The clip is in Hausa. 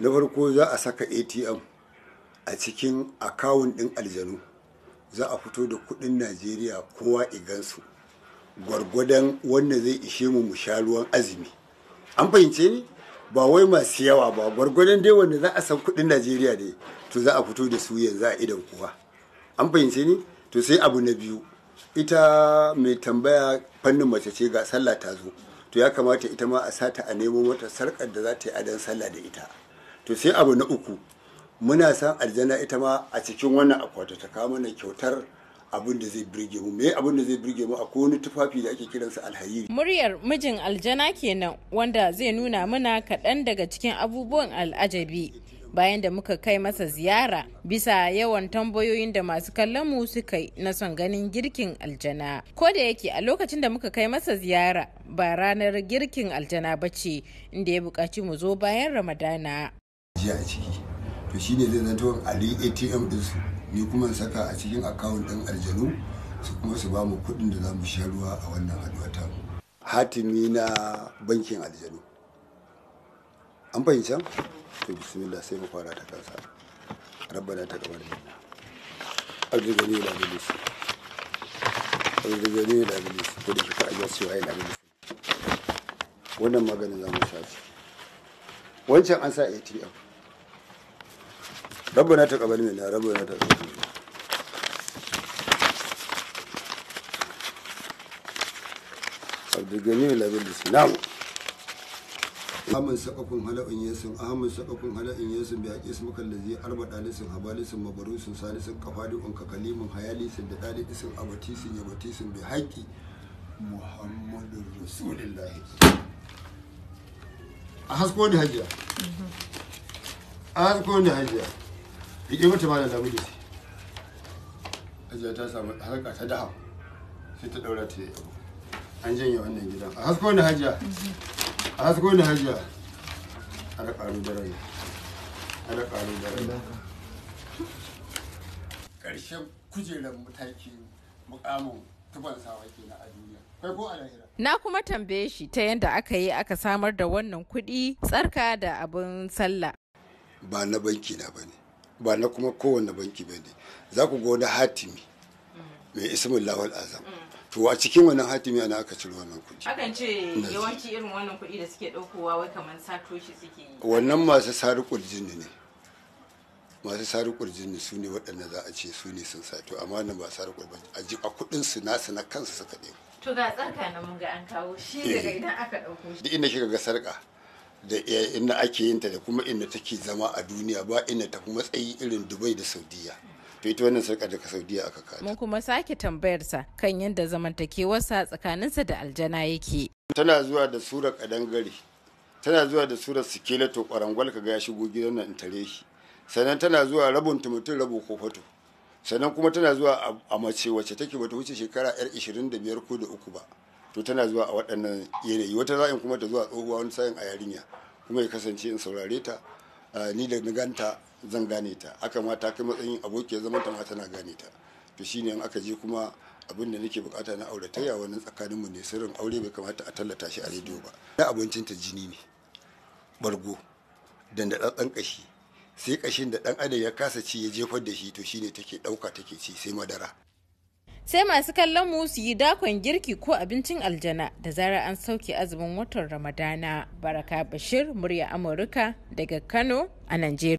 na farko za a saka atm a cikin akawun ɗin aljanu za a fito da kuɗin najeriya kowa igansu gwargwadon wanda zai ishe mu mu sha ruwan azumi an fahimce ni ba wai masu yawa ba gwargwadon dai wanda za a san kuɗin najeriya ne to za a fito da su yanzu a idan kowa an fahimce ni to sai abu na biyu ita mai tambaya fannin mace ce ga sallah ta zo to ya kamata ita ma a sata a nemo mata sarƙar da za ta yi adan sallah da ita to sai abu na uku muna san aljanna ita ma a cikin wannan akwata ta kawo mana kyautar abin da zai birge mu me abin da zai birge mu akwai wani tufafi da ake kiransa alhayiri muryar mijin aljana kenan wanda zai nuna muna kaɗan daga cikin abubuwan al'ajabi bayan da muka kai masa ziyara bisa yawan tambayoyin da masu kallon mu suka yi na son ganin girkin aljana ko da yake a lokacin da muka kai masa ziyara ba ranar girkin aljana ba ce inda ya buƙaci mu zo bayan ramadana ajiya a ciki to shine zai zato ali atm ɗinsu ni kuma saka a cikin account ɗin aljanu su kuma su ba mu kuɗin da za mu sha ruwa a wannan haɗuwa ta hatimi na bankin aljanu an fahimta to bismillah sai mu fara ta kansa rabbana ta taqabbal minna arzikani da bilis arzikani da bilis to da ka ajiya su ayi bilis wannan maganin za mu sha shi wancan an sa atm mina ربنا تقبل منا ربنا تقبل mila bin الغني na mu ahamun sakakun hala'in yesu ahamun sakakun hala'in yesu bi haƙi ismu kallazi arba ɗalisin habalisin mabarusin salisin kafali unka kalimin hayalisin da ɗalisin abatisin yabatisin bi haƙi Muhammadun Rasulullahi. A hasko ne hajiya. A hasko ne hajiya. rike mata ma da labu da ajiya ta samu harka ta daha sai ta daura ta yi an janye wannan gidan a hasko ni hajiya a hasko ni hajiya a da karu da rai a da karu da rai ƙarshen kujerar matakin mukamin tuban sawa kenan a duniya kai ko a lahira Na kuma tambaye shi ta yadda aka yi aka samar da wannan kuɗi tsarka da abin sallah. Ba na banki na ba ne. ba na kuma kowanne banki ba ne za ku ga wani hatimi mai ismin lawal azam to a cikin wannan hatimi ana aka ciro wannan kuɗi akan ce yawanci irin wannan kuɗi da suke ɗaukowa wai kamar sato shi suke yi wannan masu sarukur jini ne masu sarukur jini su ne waɗanda za a ce su ne sun sato amma wannan ba sarukur ba a ji a kuɗin su nasu na kansu suka ɗaya to ga tsarka na mun ga an kawo shi daga eh. idan aka ɗauko shi duk inda kika ga sarka da inda ake yin ta da kuma inda take zama a duniya ba inda ta kuma tsayi irin dubai da saudiya to ita wannan sarka daga saudiya aka kada mun kuma sake tambayarsa kan yadda zamantakewarsa tsakaninsa da aljana yake tana zuwa da sura kadangare tana zuwa da surar sikeleto kwarangwal kaga ya shigo gidan nan tare shi sannan tana zuwa rabun tumutun rabu ko fato sannan kuma tana zuwa a mace wacce take bata wuce shekara yar 25 ko da uku ba to tana zuwa a waɗannan yanayi wata za'in kuma ta zuwa tsohuwa wani sa'in a yarinya kuma ya kasance in saurare ta ni da ganta zan gane ta aka ma ta kai matsayin abokiyar zaman ta tana gane ta to shine in aka je kuma abin da nake bukata na auratayya nan tsakanin mu ne sirrin aure bai kamata a tallata shi a rediyo ba na abincin ta jini ne bargo da naɗaɗɗen kashi sai kashin da dan adam ya kasa ci ya jefar da shi to shine take ɗauka take ci sai madara sai masu kallon mu su yi dakon girki ko abincin aljana da zarar an sauke azumin watan ramadana baraka bashir murya amurka daga kano a najeriya